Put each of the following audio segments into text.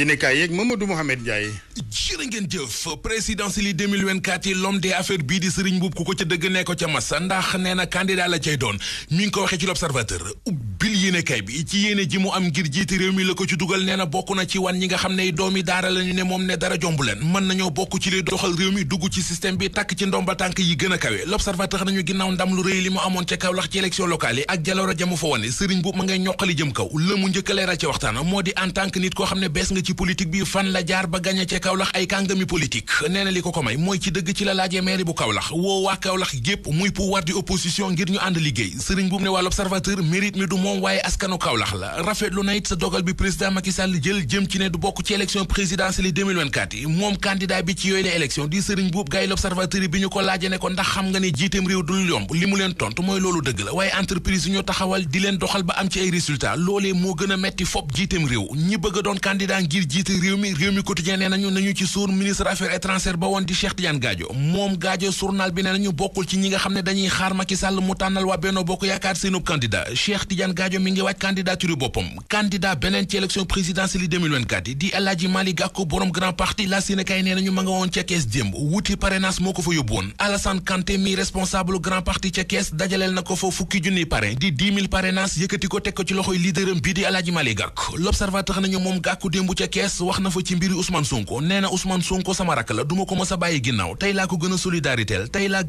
yéen kaay yeeg Mamadou Mohamed Ndiaye. jërë ko ca dëgg ne ko ca masa ndax nee na candidat la cay doon mi ngi ko waxee ci l'observateur ubbil yéene kaay mu am ngir jiite réew mi la ko ci dugal nee bokk na ci wan ñi nga xam ne doomi daara lañu ne moom ne dara jomb leen mën nañoo bokk ci li doxal réew mi dugg ci système bi takk ci ndomba tànk yi gën a kawe l'observateur nañu ginnaaw ndam lu rëy li mu amoon ca Kaolack ci élection locale yi ak jaloor a jamu fa wane Serigne Mboup ma ngay ñoqali jëm kaw la mu njëkk a leeral ci waxtaan moo di en tant nit koo xam ne bees nga ci politique bi fan la jaar ba gañe ca Kaolack ay kàngami politique nee na li ko ko may mooy ci dëgg ci la laajee mairie bu Kaolack woo waa Kaolack gépp muy pouvoir di opposition ngir ñu ànd liggéey sëriñ bu ne wàll observateur mérite mi du moom waaye askanu Kaolack la rafetlu na it sa dogal bi président Macky jël jëm ci ne du bokk ci élection présidentielle 2024 moom candidat bi ci yooyu la élection di sëriñ buub gay l'observateur bi ñu ko laajee ne ko ndax ngir jiite réew mi réew mi quotidien nee nañu nañu ci suur ministre affaires étrangères ba woon di Cheikh Tidiane Gadio moom Gadio journal bi nee nañu bokkul ci ñi nga xam ne dañuy xaar Macky Sall mu tànnal waa Benno Bokk Yaakaar seenub candidat Cheikh Tidiane Gadio mi ngi waaj candidature boppam candidat beneen ci élection présidentielle yi 2024 di El Hadji Malick Gakou borom grand parti la Sénégal nee nañu ma nga woon ca kees démb wuti parrainage moo ca kees wax na fa ci mbiri Ousmane Sonko nee na Ousmane Sonko sama rakk la duma ko mës a bàyyi ginnaaw tey laa ko gën a solidariteel tey laa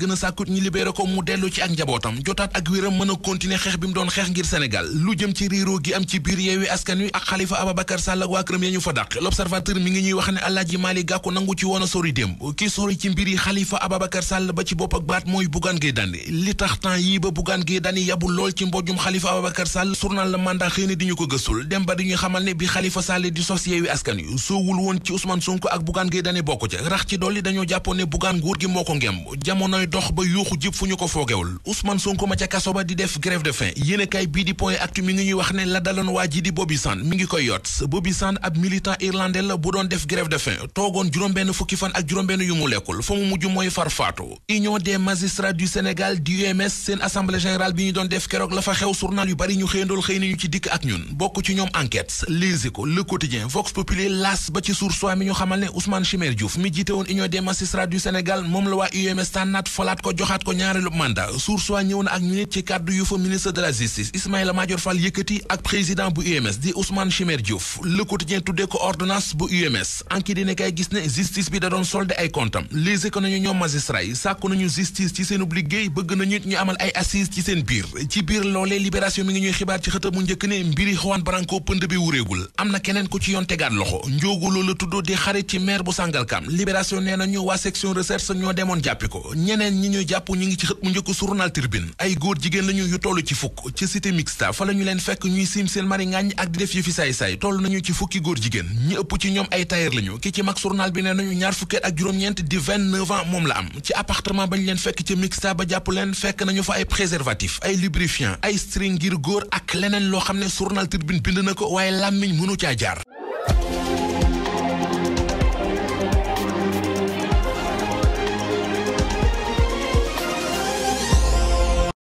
jotaat ak wéram mën a xeex bi mu doon xeex ngir Sénégal lu jëm ci riiroo gi am ci biir Yewwi Askan Wi ak Khalifa Ababacar Sall ak waa këram ya ñu fa dàq l'observateur mi ngi ñuy wax ne Alaaji Malick Gakou nangu ci woon a sori démb ki sori ci mbiri Khalifa Ababacar Sall ba ci bopp ak baat mooy Bougane Gueye Dany li tax temps yii ba Bougane Gueye Dany yabul lool ci mbojum Khalifa Ababacar Sall journal la mandat xëy na di ñu ko gëstul dem ba di ñu yeewi askan yu soowul woon ci Ousmane Sonko ak Bougane Gueye Dany bokk ca rax ci dolli dañoo jàppoon ne Bougane nguur gi moo ko ngemb jamonoy dox ba yuuxu jib fu ñu ko foogewul Ousmane Sonko ma ca kaso ba di def grève de faim yéen a kaay bii di point actu mi ngi ñuy wax ne la daloon waa ji di Bobby Sand mi ngi koy yot Bobby Sand ab militant irlandais la bu doon def grève de faim toogoon juróom-benn fukki fan ak juróom-benn yu mu lekkul fa mu mujj mooy farfaatu Union des magistrats du Sénégal du UMS seen assemblée bi ñu doon def keroog la fa xew journal yu bari ñu xëyandool xëy nañu ci Vox Populi las ba ci source mi ñu xamal ne Ousmane Chimère Diouf mi jiite woon Union des magistrats du Sénégal moom la waa UMS tànnaat falaat ko joxaat ko ñaareelu mandat source ñëw na ak ñu nit ci kàddu yu fa ministre de la justice Ismaïla Madior Fall yëkkati ak président bu UMS di Ousmane Chimère Diouf Le Quotidien tuddee ko ordonnance bu UMS enquête dina kay gis ne justice bi da solde ay comptam les ko nañu ñoom magistrat sàkku nañu justice ci seen liggéey bëgg nañu ñu amal ay seen biir ci biir loolee libération mi ngi ñuy xibaar ci xëta mu njëkk ne mbiri Juan Branco pënd tegaan loxo njoogu loola tuddoo di xarit ci maire bu Sàngalkam libération nee ñu waa section recherche ñoo demoon jàppi ko ñeneen ñi ñu jàpp ñu ngi ci xët mu njëkk journal Tribune ay góor jigéen la yu toll ci fukk ci cité mixta fa la leen fekk ñuy siim seen mari ak di def yëfi saay-saay toll nañu ci fukki góor jigéen ñi ëpp ci ñoom ay tailleur lañu ki ci mag journal bi nee nañu ñaar fukki ak juróom-ñeent di 29 ans moom la am ci appartement